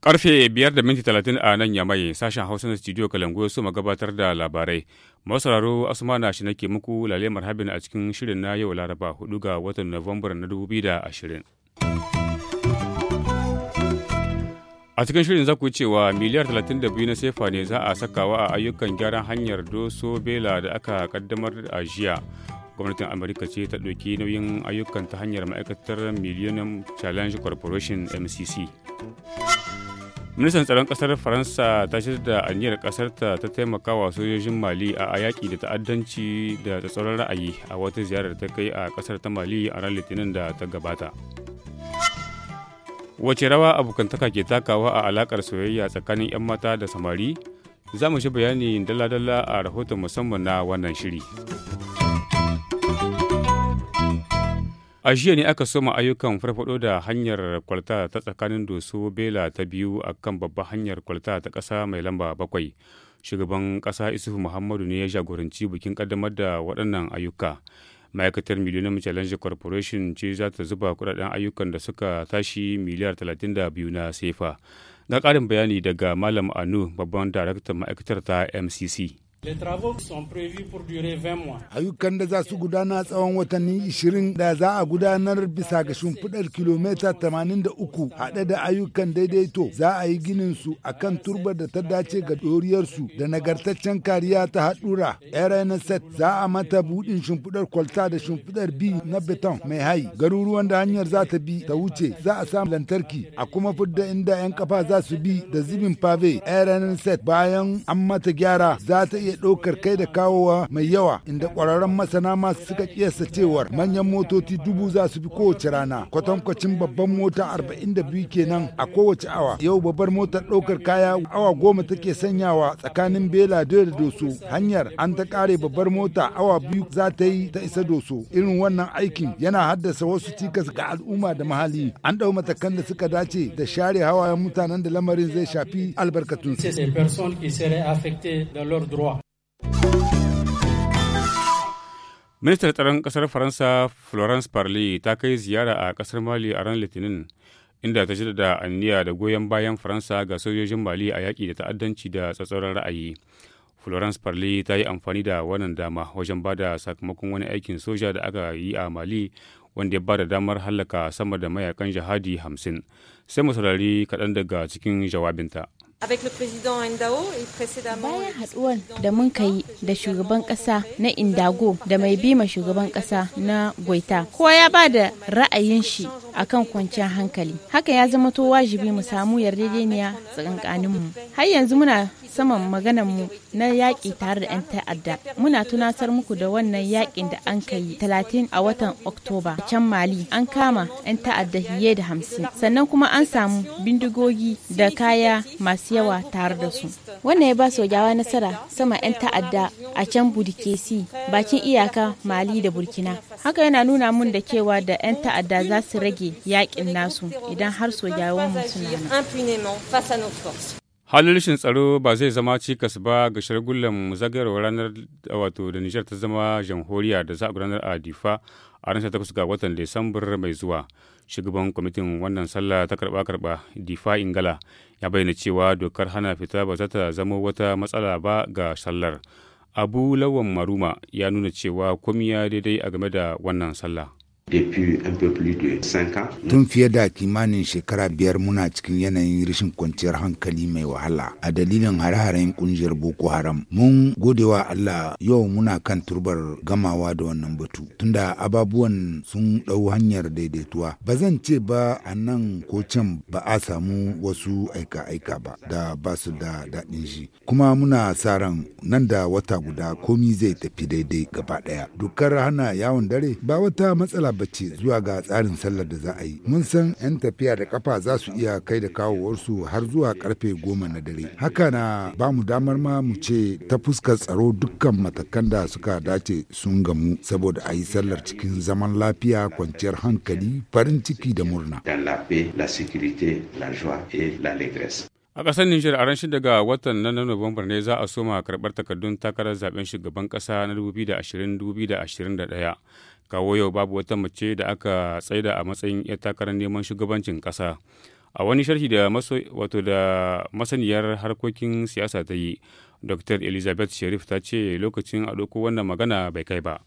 Karfe biyar da minti talatin a nan ya yamai sashen Hausa na studio Kalangu su gabatar da labarai. Masararo Asmana shi nake muku lalemar habin a cikin shirin na yau Laraba 4 ga watan novembar na dubu biyu da 2020. a cikin shirin za ku cewa miliyar 32 na sefa ne za a sakawa a ayyukan gyaran hanyar doso bela da aka kaddamar a jiya gwamnatin amurka ce ta ɗauki nauyin ayyukan ta hanyar ma'aikatar millennium challenge corporation mcc ministan tsaron kasar faransa ta shirya da aniyar kasar ta ta taimaka wa sojojin mali a yaƙi da ta'addanci da tsatsauran ra'ayi a wata ziyarar ta kai a kasar ta mali a ran litinin da ta gabata Wace rawa abokantaka ke takawa a alakar soyayya tsakanin 'yan mata da samari? Za mu shi bayani dala-dala a rahoton musamman na wannan shiri. A jiya ne aka soma ayyukan farfado da hanyar kwalta ta tsakanin doso bela ta biyu a kan babbar hanyar kwalta ta ƙasa mai lamba bakwai. Shugaban ƙasa Isufu Muhammadu ne ya jagoranci bikin ƙaddamar da waɗannan ayyuka. ma'aikatar millennium challenge corporation ce za ta zuba kudaden ayyukan da suka tashi miliyar talatin da biyu na sefa ga karin bayani daga malam anu babban daraktan ma'aikatar ta mcc Ayyukan da za su gudana tsawon watanni 20 da za a gudanar bisa ga shimfiɗar kilomita 83 haɗe da ayyukan daidaito za a yi ginin su a kan turbar da ta dace ga ɗoriyarsu da nagartaccen kariya ta haɗura. RNSET za a mata buɗin shimfiɗar kwalta da shimfiɗar bi na beton mai hai. Garuruwan da hanyar za ta bi ta wuce za a samu lantarki a kuma fidda inda 'yan kafa za su bi da zibin pave. RNSET bayan an mata gyara za ta iya iya ɗaukar kai da kawowa mai yawa inda ƙwararren masana masu suka kiyasta cewar manyan motoci dubu za su fi kowace rana kwatankwacin babban mota arba'in da biyu kenan a kowace awa yau babbar motar ɗaukar kaya awa goma take sanyawa tsakanin bela da doso hanyar an ta ƙare babbar mota awa biyu za ta yi ta isa doso irin wannan aikin yana haddasa wasu cikas ga al'umma da muhalli. an ɗau matakan da suka dace da share hawayen mutanen da lamarin zai shafi albarkatun droits. ministar tsaron kasar faransa florence parly ta kai ziyara a kasar mali a ranar litinin inda ta shirya da anniya da goyon bayan faransa ga sojojin mali a yaƙi da ta'addanci da tsatsauran ra'ayi florence parly ta yi amfani da wannan dama wajen bada sakamakon wani aikin soja da aka yi a mali wanda ya bada damar hallaka sama da mayakan jihadi hamsin sai mu saurari kaɗan daga cikin jawabinta Bayan haɗuwar da mun yi da shugaban ƙasa na Indago da mai bima shugaban ƙasa na Goita, kowa ya ba da ra'ayin shi akan kwanciyar hankali. Haka ya zama to wajibi mu samu yarjejeniya tsakankaninmu. Har yanzu muna saman maganarmu na yaƙi tare da 'yan ta'adda. Muna tunatar muku da wannan yaƙin da an kai talatin a watan Oktoba a can Mali an kama 'yan ta'adda fiye da hamsin. Sannan kuma an samu bindigogi da kaya masu yawa tare da su. Wannan ya ba sojawa nasara sama 'yan ta'adda a can Budikesi bakin iyaka Mali da Burkina. Haka yana nuna mun da cewa da 'yan ta'adda za su rage yaƙin nasu idan har sojawan mu suna halilishin tsaro ba zai zama cikas ba ga shirgullan zagayar ranar wato da nijar ta zama jamhuriya da za a gudanar a difa a ranar takwas ga watan disambar mai zuwa shugaban kwamitin wannan sallah ta karba karba difa ingala ya bayyana cewa dokar hana fita ba za ta zama wata matsala ba ga sallar abu lawan maruma ya nuna cewa komi ya daidai a game da wannan sallah Tun fiye da kimanin shekara biyar muna cikin yanayin rashin kwanciyar hankali mai wahala a dalilin hare-haren kungiyar Boko Haram. Mun godewa Allah yau muna kan turbar gamawa da wannan batu. Tunda ababuwan sun ɗau hanyar daidaituwa. Ba zan ce ba a nan ko can ba a samu wasu aika-aika ba da ba su da daɗin shi. Kuma muna sa ran nan da wata guda komi zai tafi daidai gaba ɗaya. Dokar hana yawon dare ba wata matsala bacci zuwa ga tsarin sallar da za a yi mun san 'yan tafiya da kafa za su iya kai da kawowarsu har zuwa karfe goma na dare haka na ba mu damar ma mu ce ta fuskar tsaro dukkan matakan da suka dace sun gamu saboda a yi sallar cikin zaman lafiya kwanciyar hankali farin ciki da murna a ƙasar nijar a ranar daga watan nan na nuwambar ne za a soma karɓar takardun takarar zaben shugaban ƙasa na 2020-2021 kawo yau babu wata mace da aka tsaida a matsayin 'yar takarar neman shugabancin kasa a wani sharhi da wato da masaniyar harkokin siyasa ta yi dr elizabeth sharif ta ce lokacin a ɗauko wannan magana bai kai ba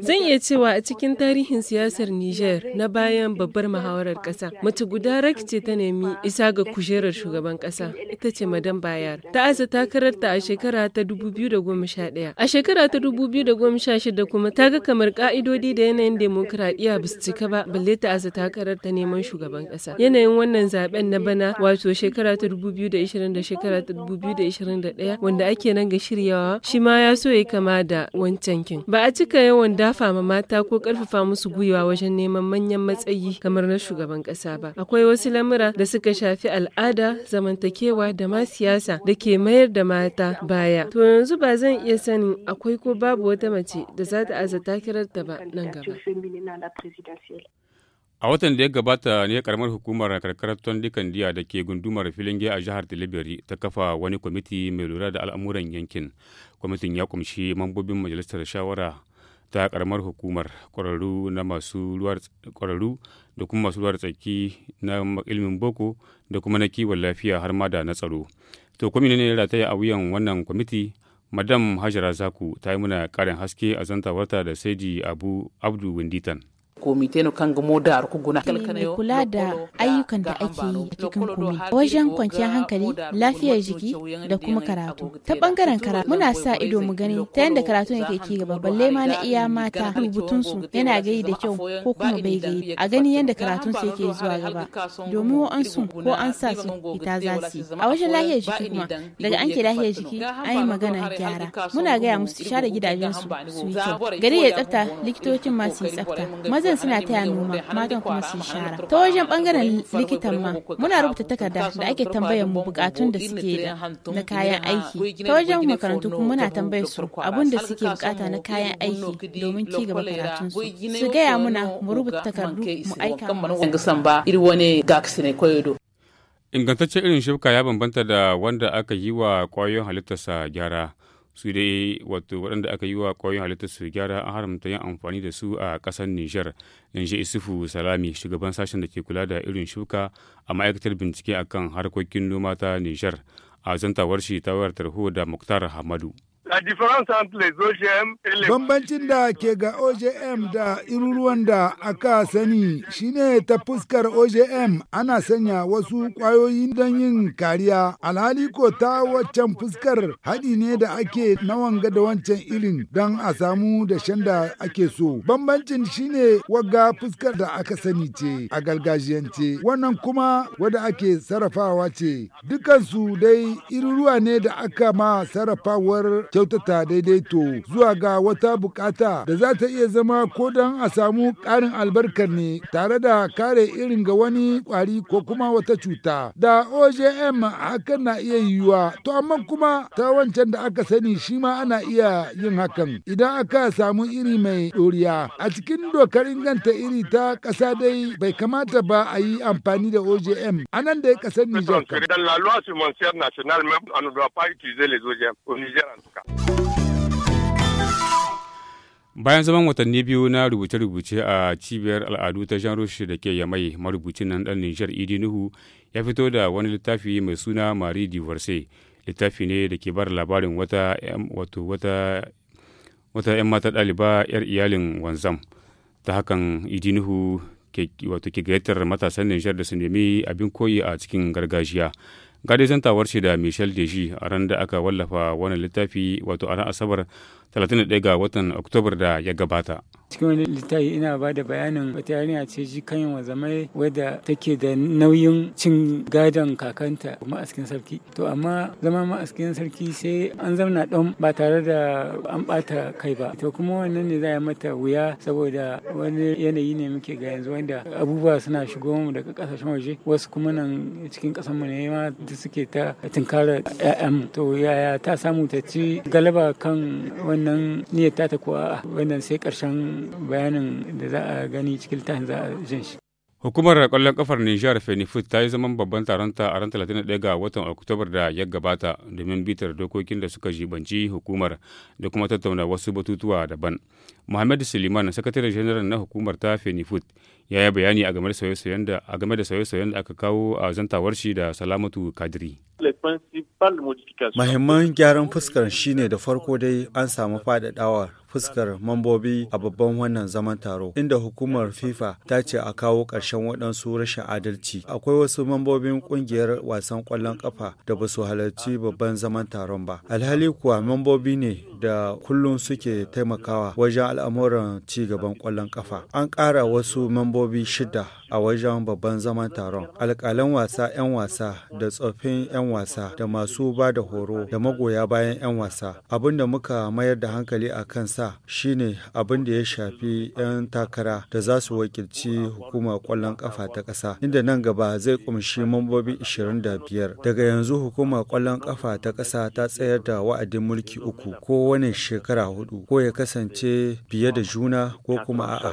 Zan iya cewa a cikin tarihin siyasar Nijar na bayan babbar muhawarar kasa mace guda ce ta nemi isa ga kujerar shugaban kasa ita ce Madam Bayar. Ta asa takararta a shekara ta 2011. A shekara ta 2016 kuma ta ga kamar ka'idodi da yanayin demokradiyya ba su cika ba, balle ta asa takararta neman shugaban kasa Yanayin wannan zaben na bana wato shekara ta 2020 da shekara ta 2021 wanda ake nan ga shiryawa shi ma ya so ya kama da wancan kin. Ba a cika yawan dafa ma mata ko karfafa musu gwiwa wajen neman manyan matsayi kamar na shugaban kasa ba. Akwai wasu lamura da suka shafi al'ada, zamantakewa da ma siyasa da ke mayar da mata baya. To yanzu ba zan iya sani akwai ko babu wata mace da za ta aza kirar ta ba nan gaba. A watan da ya gabata ne karamar hukumar karkarar tondikan diya da ke gundumar filinge a jihar Tilibiri ta kafa wani kwamiti mai lura da al'amuran yankin. kwamitin ya kumshi mambobin majalisar shawara ta karamar hukumar kwararru kwararru da kuma masu ruwar tsaki na ilimin boko da kuma na kiwon lafiya har ma da na tsaro to kwamitin ne rataya a wuyan wannan kwamiti madam hajara zaku ta yi muna karin haske a zantawarta da saidi abu abdu winditan komite no kan gamo da arkuguna mai kula da ayyukan da ake yi a cikin komite wajen kwanciyar hankali lafiyar jiki da kuma karatu ta bangaren karatu muna sa ido mu gani ta yadda karatu ne ke gaba balle ma na iya mata rubutun su yana gai da kyau ko kuma bai gai. a gani yadda karatun su yake zuwa gaba domin an sun ko an sa su ita za su a wajen lafiyar jiki kuma daga an ke lafiyar jiki an yi magana gyara muna gaya musu share gidajen su su yi kyau gari ya tsafta likitocin masu yi tsafta maza mazan suna taya noma matan kuma su shara ta wajen bangaren likitan ma muna rubuta takarda da ake tambayar mu bukatun da suke da na kayan aiki ta wajen makarantu kuma muna tambayar su abun da suke bukata na kayan aiki domin ci gaba karatun su su gaya muna mu rubuta takardu mu aika mu ingantaccen irin shifka ya bambanta da wanda aka yi wa kwayoyin halittarsa gyara su dai wato waɗanda aka yi wa ƙwayoyin halittar su gyara an haramta yin amfani da su a ƙasar Nijar in ji Isufu Salami shugaban sashen da ke kula da irin shuka a ma'aikatar bincike akan harkokin noma ta Nijar a zantawar shi ta wayar tarho da Muktar Hamadu. Bambancin da ke ga OJM da iruruwan da aka sani shine ta fuskar OJM ana sanya wasu kwayoyin don yin kariya. Alhali ko ta waccan fuskar haɗi ne da ake na wanga da wancan irin don a samu da shan da ake so. Bambancin shine wagga fuskar da aka sani ce a gargajiyance. Wannan kuma wadda ake sarrafawa ce. Dukansu dai iruruwa ne da aka ma sarrafawar kyautata daidaito zuwa ga wata bukata da za ta iya zama ko don a samu karin albarkar ne tare da kare irin ga wani kwari ko kuma wata cuta. Da OJM hakan na iya yiwuwa, to amma kuma ta wancan da aka sani shi ma ana iya yin hakan. Idan aka samu iri mai ɗoriya a cikin dokar inganta iri ta kasa dai bai kamata ba a yi amfani da OJM a nan da ya kasar Nijar. Niger bayan zaman watanni biyu na rubuce-rubuce a cibiyar al'adu ta jean roche da ke yamai marubucin nan dan nijar idi nuhu ya fito da wani littafi mai suna marie divorce littafi ne da ke bar labarin wata wato wata 'yan mata ɗaliba 'yar iyalin wanzam ta hakan idi nuhu ke gayyatar matasan nijar da su nemi abin koyi a cikin gargajiya gadi zantawar shi da michel deji a ran da aka wallafa wannan littafi wato a asabar 31 ga watan oktobar da ya gabata cikin wani littafi ina ba da bayanin wata yarinya ce ji kan wa zamai wadda take da nauyin cin gadon kakanta kuma ma'askin sarki to amma zama askin sarki sai an zauna ɗan ba tare da an bata kai ba to kuma wannan ne za a mata wuya saboda wani yanayi ne muke ga yanzu wanda abubuwa suna shigo mu daga kasashen waje wasu kuma nan cikin kasan mu ne ma da suke ta ya'yan mu to yaya ta samu ta ci galaba kan wannan niyyar ta ta kuwa wannan sai karshen. bayanin da za a gani cikin littafin za a jin shi Hukumar kwallon kafar Nijar Fenifut ta yi zaman babban taron ta a ran 31 ga watan Oktobar da ya gabata domin bitar dokokin da suka jibanci hukumar da kuma tattauna wasu batutuwa daban. Muhammad Suleiman, sakataren janar na hukumar ta Fenifut, ya yi bayani a game da sauye-sauyen da a game da sauye-sauyen da aka kawo a zantawar shi da Salamatu Kadiri. Mahimman gyaran fuskar shine da farko dai an samu faɗaɗawar fuskar mambobi a babban wannan zaman taro inda hukumar fifa ta ce a kawo ƙarshen waɗansu rashin adalci akwai wasu mambobin ƙungiyar wasan ƙwallon ƙafa da ba su halarci babban zaman taron ba alhali kuwa mambobi ne da kullum suke taimakawa wajen al'amuran ci gaban ƙwallon ƙafa. An ƙara wasu mambobi shida a wajen babban zaman taron. alkalan wasa 'yan wasa da tsoffin 'yan wasa da masu ba da horo da magoya bayan 'yan wasa. Abin da muka mayar da hankali a kan kansa shine abin da ya shafi 'yan takara da za su wakilci hukumar kwallon ƙafa ta ƙasa. Inda nan gaba zai kumshi mambobi 25. Daga yanzu hukumar kwallon ƙafa ta ƙasa ta tsayar da wa'adin mulki uku ko wani shekara hudu ko ya kasance biye da juna ko kuma a'a.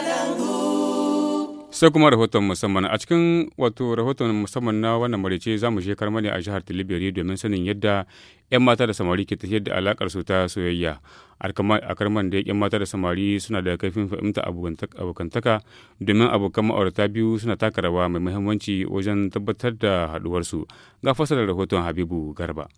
sai kuma rahoton musamman a cikin wato rahoton musamman na wannan marice za mu je karmani a jihar tilibiri domin sanin yadda 'yan mata da samari ke tafiyar da alakar su ta soyayya a karman da 'yan mata da samari suna da kaifin fahimta abokantaka domin abokan ma'aurata biyu suna taka rawa mai muhimmanci wajen tabbatar da su ga fasalar rahoton habibu garba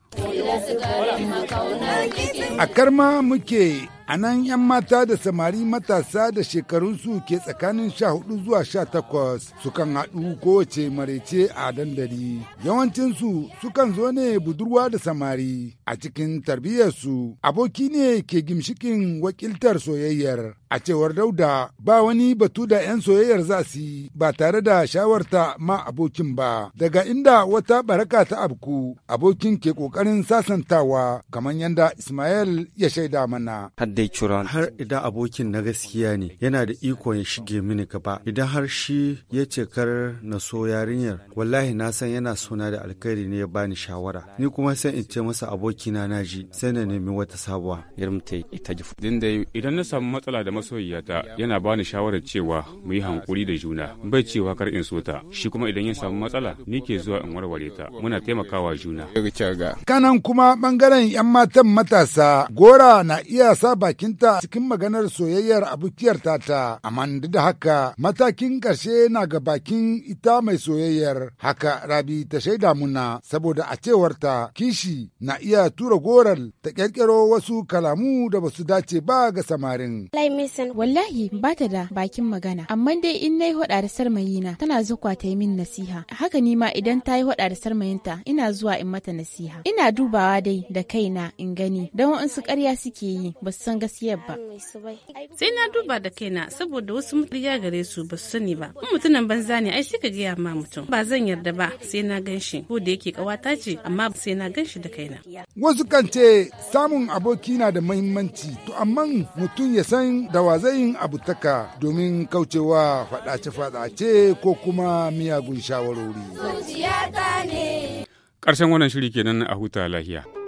a karma muke A nan 'yan mata da samari matasa da shekarunsu ke tsakanin sha hudu zuwa sha takwas sukan haɗu kowace marece a dandali. Yawancinsu sukan zo ne budurwa da samari a cikin tarbiyyarsu aboki ne ke gimshikin wakiltar soyayyar. A cewar dauda ba wani batu da 'yan soyayyar za su yi ba tare da shawarta ma abokin ba. Daga inda wata baraka ta abku abokin ke ƙoƙarin sasantawa kamar yadda Ismail ya shaida mana. har idan abokin na gaskiya ne yana da ikon ya shige mini gaba idan har shi ya ce kar na so yarinyar wallahi na san yana suna da alkhairi ne ya bani shawara ni kuma sai in ce masa abokina na ji sai na nemi wata sabuwa idan na samu matsala da masoyiyata yana bani shawarar cewa mu yi hankuri da juna bai cewa kar in so ta shi kuma idan ya samu matsala ni ke zuwa in warware ta muna taimakawa juna kanan kuma bangaren yan matan matasa gora na iya saba bakinta cikin maganar soyayyar abokiyar tata amma da haka matakin ƙarshe na ga bakin ita mai soyayyar haka rabi ta shaida muna saboda a cewar ta kishi na iya tura goral ta ƙirƙiro wasu kalamu da basu dace ba ga samarin. Wallahi ba ta da bakin magana amma dai in na yi hoda da sarmayina tana zuwa ta yi min nasiha haka ni ma idan ta yi hoda da sarmayinta ina zuwa in mata nasiha ina dubawa dai da kaina in gani don waɗansu karya suke yi ba su san gaskiya ba. Sai na duba da kaina saboda wasu ya gare su ba su sani ba. In mutumin banza ne ai sai ka gaya ma mutum. Ba zan yarda ba sai na gan shi ko da yake kawata ce amma sai na ganshi da kaina. Wasu kan ce samun aboki na da mahimmanci to amma mutum ya san da wa zai yin abu taka domin kaucewa faɗace-faɗace ko kuma miyagun shawarori. Zuciyata Ƙarshen wannan shiri kenan a huta lahiya.